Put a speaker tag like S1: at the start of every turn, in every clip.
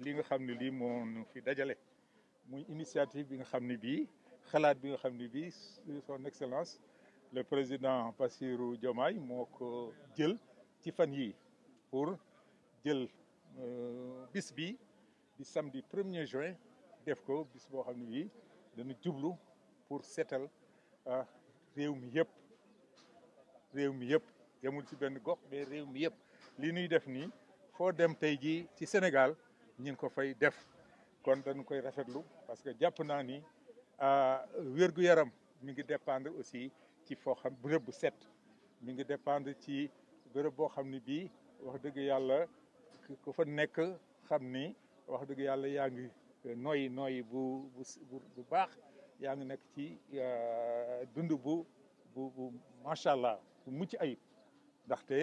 S1: li nga xam ne lii moo ñu fi dajale muy initiative bi nga xam ne bii xalaat bi nga xam ne bii son excellence le président Bassirou Diomaye moo ko jël ci fan yii pour jël euh, bis bi di samedi premier juin def ko bis boo xam ne bii dana jublu pour seetal euh, réew mi yëpp réew mi yëpp yemul ci benn gox mais réew mi yëpp li ñuy def nii foo dem tey jii ci Sénégal ñu ngi ko fay def kon dañu koy rafetlu parce que jàpp naa ni ah, wér-gu-yaram mi ngi dépendre aussi ci foo xam bërëb bu set mi ngi dépendre ci bërëb boo xam ni bii wax dëgg yàlla ku fa nekk xam ni wax dëgg yàlla yaa ngi eh, noyi nooyi bu bu bu baax yaa ngi nekk ci eh, dund bu bu bu macha allah bu mucc ayib ndaxte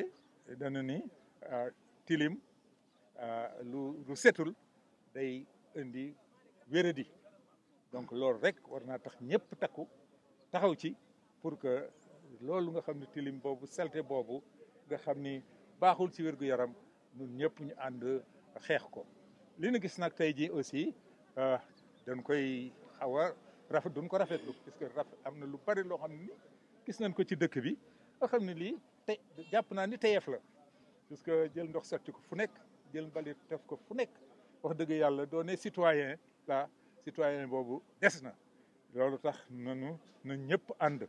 S1: dana ni ah, tilim. Euh, lu lu setul day indi weredi donc lor rek war naa tax ñëpp takku taxaw ci pour que loolu nga xam ne tilim boobu salté boobu nga xam ni baaxul ci wérgu yaram ñun ñëpp ñu ànd xeex ko li ñu gis nag tey ji aussi euh, dañ koy xaw a rafet duñ ko rafetlu parce que rafet am lu bari loo xam ni gis nañ ko ci dëkk bi nga xam ne lii te jàpp naa ni teyeef la parce que jël ndox sotti ko fu nekk jël mbalit def ko fu nekk wax dëgg yàlla doo ne citoyen la citoyen boobu des na loolu tax nanu na ñëpp ànd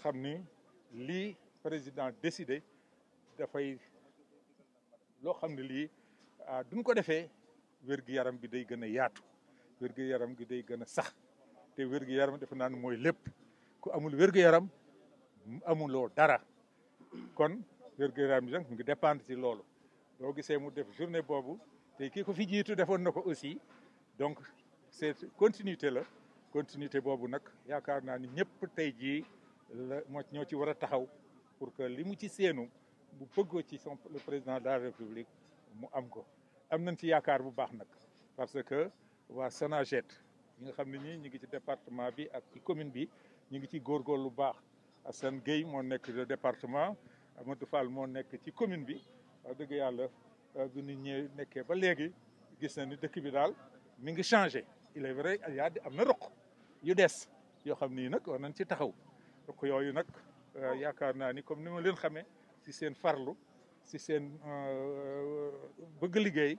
S1: xam ni lii président décidé dafay loo xam ne lii ah, duñ ko defee wér yaram bi day gën a yaatu wér yaram gi day gën a sax te wér-gu-yaram dafa naan mooy lépp ku amul wér yaram amuloo dara kon wér yaram bi nag mu ngi dépendre ci loolu do gisee mu def journée boobu te kii ko fi jiitu defoon na ko aussi donc c'est continuité la continuité boobu nag yaakaar naa ni ñëpp tey jii la moo ñoo ci war a taxaw pour que li mu ci seenu bu bëggoo ci son le président de la république mu am ko am nañ ci yaakaar bu baax nag parce que waa Sonaget ñi nga xam ne ñii ñu ngi ci département bi ak ci commune bi ñu ngi ci góorgóorlu lu baax Assane Gueye moo nekk le département Amadou Fall moo nekk ci commune bi wax dëgg yàlla bi euh, nit ñi nekkee ba léegi gis na ni dëkk bi daal mi ngi changé il est vrai yaa di am na roq yu des yoo xam nii nag war nañ ci taxaw roq yooyu nag euh, yaakaar naa ni comme ni ma leen xamee si seen farlu si seen euh, bëgg liggéey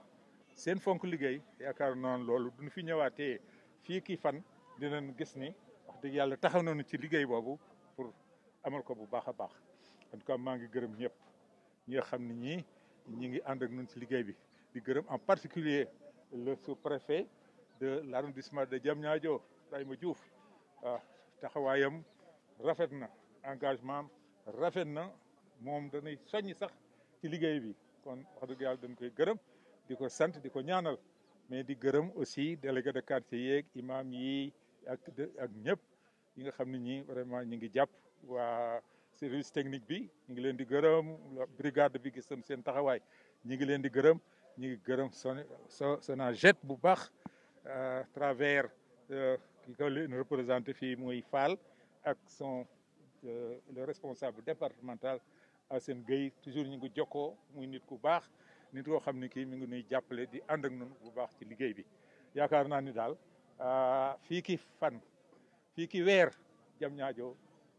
S1: seen fonk liggéey yaakaar naa loolu duñu fi ñëwaatee fii kii fan dinañ gis ni wax dëgg yàlla taxaw nañu ci liggéey boobu pour amal ko bu baax a baax en ka cas maa ngi gërëm ñëpp ñi nga xam ni ñii ñi ngi ànd ci liggéey bi di gërëm en particulier le sous-préfet de l'arrondissement de Diamniadio Ibrahima Diouf ah taxawaayam rafet na engagement rafet na moom danay soññ sax ci liggéey bi kon wax dëgg yàlla dañ koy gërëm di ko sant di ko ñaanal mais di gërëm aussi délégué de quartier yeeg imam yi ak ak ñëpp yi nga xam ne ñi vraiment ñi ngi jàpp service technique bi ñi ngi leen di gërëm brigade bi gisam seen taxawaay ñi ngi leen di gërëm ñi ngi gërëm son Sonaged bu baax à euh, travers euh, ki ko leen représenté fii muy Fall ak son euh, le responsable départemental Assane Gueye toujours ñu ngi jokkoo muy nit ku baax nit koo xam ne kii mi ngi nuy jàppale di ànd ak ñun bu baax ci liggéey bi yaakaar naa ni daal fii ki fan fii ki weer jam ñaajo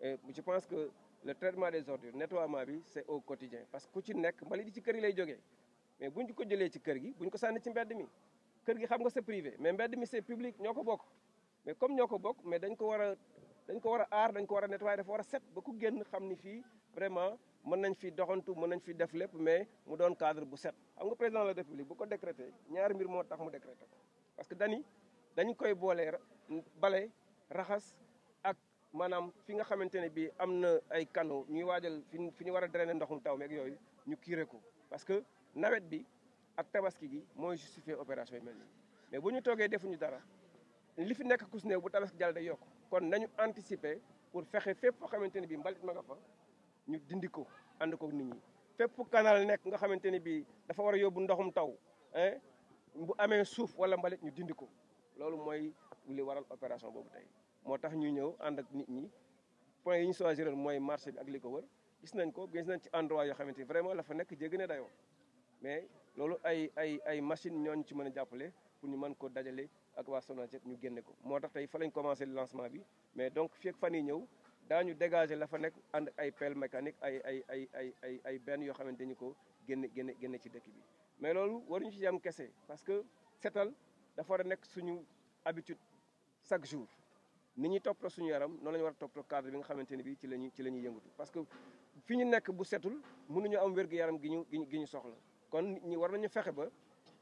S2: et euh, je pense que le traitement des ordures nettoiement bi c'est au quotidien parce que ku ci nekk mbalit yi ci kër yi lay joggé. mais buñ ko jëlé ci kër gi buñ ko sànni ci mbéd mi kër gi xam nga c'est privé mais mbéd mi c'est public ñoo ko bokk mais comme ñoo ko bokk mais dañ ko wara dañ ko wara ar, dañ ko wara nettoyer dafa wara set ba ku génn xam ni fii vraiment mën nañ fi doxantu mën nañ fi def lépp mais mu doon cadre bu set xam nga président de la république bu ko décrété ñaar mbir mo tax mu décrété parce que dani dañ koy bolé balé raxas manam fi nga xamantene bi amna ay canaux ñuy waajal fi ñu wara a drainer ndoxum taw mek yoy ñu kiré ko parce que nawet bi ak tabaski gi moy justifier opération yi melni mais buñu togué defuñu dara li fi nekk kus néew bu tabaski jàll day yok kon nañu anticiper pour fexé fep foo xamante ne mbalit ma nga fa ñu dindi ko ànd ko nit ñi fep canal nekk nga xamantene bi dafa wara a ndoxum taw hein, bu amé souf wala mbalit ñu dindi ko loolu mooy li waral opération boobu tay moo tax ñu ñëw ànd ak nit ñi point yi ñu choisiroon mooy marché bi ak li ko wër gis nañ ko gis nañ ci endroit yoo xamante vraiment la fa nekk jéggi na mais loolu ay ay ay machine ñooñu ci mën a jàppale pour ñu mën ko dajale ak waa Sonacet ñu génne ko moo tax tey fa lañ commencé lancement bi mais donc fii ak fan yi ñëw daañu dégager la fa nekk ànd ay pelle mécanique ay ay ay ay ay ay benn yoo xamante dañu ko génne génne génne ci dëkk bi mais loolu waruñu ci yam kese parce que setal dafa war a nekk suñu habitude chaque jour ni top toppatoo suñu yaram noonu la ñu war a cadre bi nga xamante ni bii ci la ñuy ci la ñuy yëngatu parce que fi ñu nekk bu setul mënuñu am wérgu yaram gi ñu gi ñu soxla kon ñi war nañu fexe ba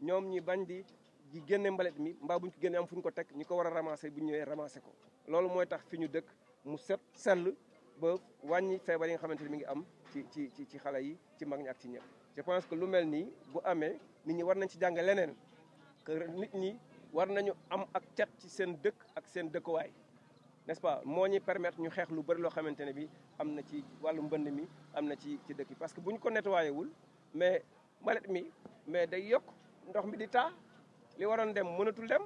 S2: ñoom ñi bañ di di génne mbalit mi mbaa buñ ko génne am fu ñu ko teg ñi ko war a ramasser bu ramasser ko loolu tax fi ñu dëkk mu set ba yi nga mi ngi am ci ci ci ci xale yi ci mag ñi ak ci ñëpp je pense que lu mel bu amee nit ñi war nañ ci jàng leneen que nit ñi war nañu am ak cet ci seen dëkk ak seen n'est-ce pas moñi permettre ñu xex lu bari lo xamantene bi amna ci wàllu mbënd mi am ci ci dëkk parce que buñ ko nettoyé wul mais malet mi mais day yok ndox mi di ta li waron dem mënatul dem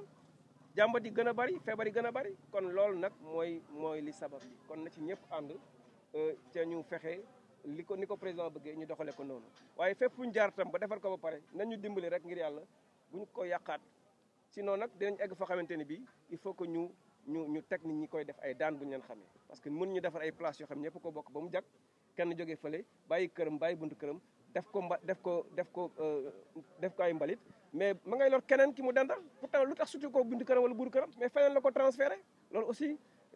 S2: jàmbat gëna bari a gëna bari kon lool nak moy moy li sabab bi kon na ci ñëpp and euh te ñu fexé liko ko ni ko président bëggee ñu doxale ko noonu waaye fépp fu ñu jaar tam ba défar ko ba paré nañu dimbali rek ngir yalla buñ ko yàqaat sinon nak dinañ egg foo xamante bi il faut que ñu ñu ñu teg nit ñi koy def ay daan bu ñu leen xamee parce que mën ñu defar ay place yoo xam ñëpp ko bokk ba mu jag kenn jógee fële bàyyi këram bàyyi buntu këram def ko def ko def ko euh, def ko ay mbalit mais ma ngay lor keneen ki mu dendal pourtant lu tax surtout ko buntu këram wala buuru këram mais feneen la ko transféré loolu aussi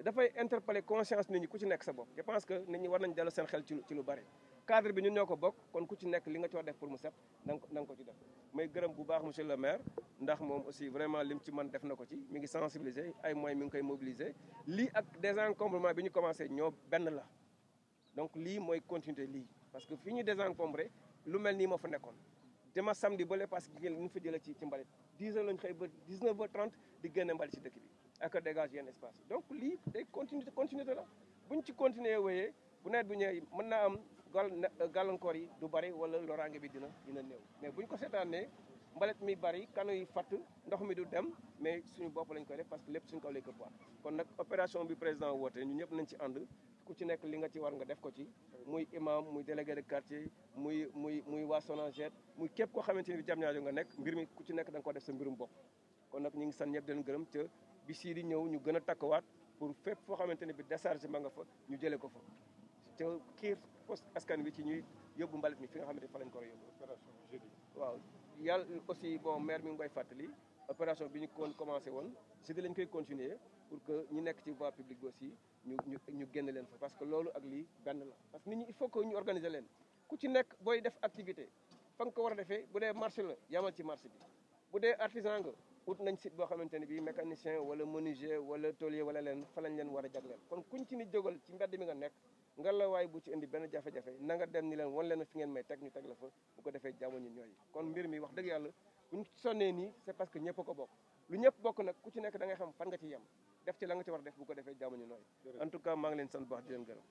S2: dafay interpeller conscience nit ñi ku ci nekk sa bopp je pense que nit ñi war nañ delloo seen xel ci lu ci lu bari cadre bi ñun ñoo ko bokk kon ku ci nekk li nga coo def pour mu set na nga ko ci def may gërëm bu baax monsieur le maire ndax moom aussi vraiment lim ci man def na ko ci mi ngi sensibiliser ay moyens mi ngi koy mobiliser lii ak désencombrement bi ñu commencé ñoo benn la donc lii mooy continuer lii parce que fi ñu désencombré lu mel nii moo fa nekkoon dama samedi ba le parce que ñu fa jëlee ci ci mbalit 10 heures lañu xëy ba 19 heures 30 di génne mbalit ci dëkk bi ak dégage yenn espace donc lii day continuer continuer la buñ ci continuer wéyee bu nawet bu ñëwee mën naa am gàll gàllankoor yi du bari wala loraange bi dina dina néew mais bu ñu ko seetaanee mbalit mi bari kanu yi fatt ndox mi du dem mais suñu bopp lañ koy def parce que lépp suñu kaw lay këppaat kon nag opération bi président woote ñu ñëpp nañ ci ànd ku ci nekk li nga ci war nga def ko ci muy imam muy délégué de quartier muy muy muy waa Sonaged muy képp koo xamante ni bi Diamniadio nga nekk mbir mi ku ci nekk da nga ko def sa mbirum bopp kon nag ñu ngi sant ñëpp di gërëm ca bi sii di ñëw ñu gën a waat pour fépp foo xamante ne bi déchargement nga fa ñu jëlee ko fa te kiir askan wi ci ñuy yóbbu mbalit mi fi nga xamante ne fa lañ ko war a yóbbu. jeudi. waaw yàlla aussi bon maire mi ngi koy fàttali opération bi ñu kon commencé woon jeudi lañ koy continuer pour que ñu nekk ci voie publique aussi ñu ñu ñu génn leen fa parce que loolu ak lii benn la. parce que nit ñi il faut que ñu organiser leen ku ci nekk booy def activité fa nga ko war a defee bu dee marché la yamal ci marché bi bu dee artisan nga ut nañ site boo xamante ne bii mécanicien wala menuisier wala tôlier wala leen fa lañ leen war a jagleel kon kuñ ci ni jógal ci mbedd mi nga nekk. nga la waay bu ci indi ben jafé jafé na nga dem ni len won len fi ngeen may tek ñu tek la fa bu ko defé jamo ñun ñoy kon mbir mi wax dëgg yàlla buñ sonné ni c'est parce que ñepp ko bok lu ñepp bok nak ku ci nek da nga xam fan nga ci yam def ci la nga ci war def bu ko defé jamo ñu ñoy en tout cas ma ngi len sant wax di len gërëm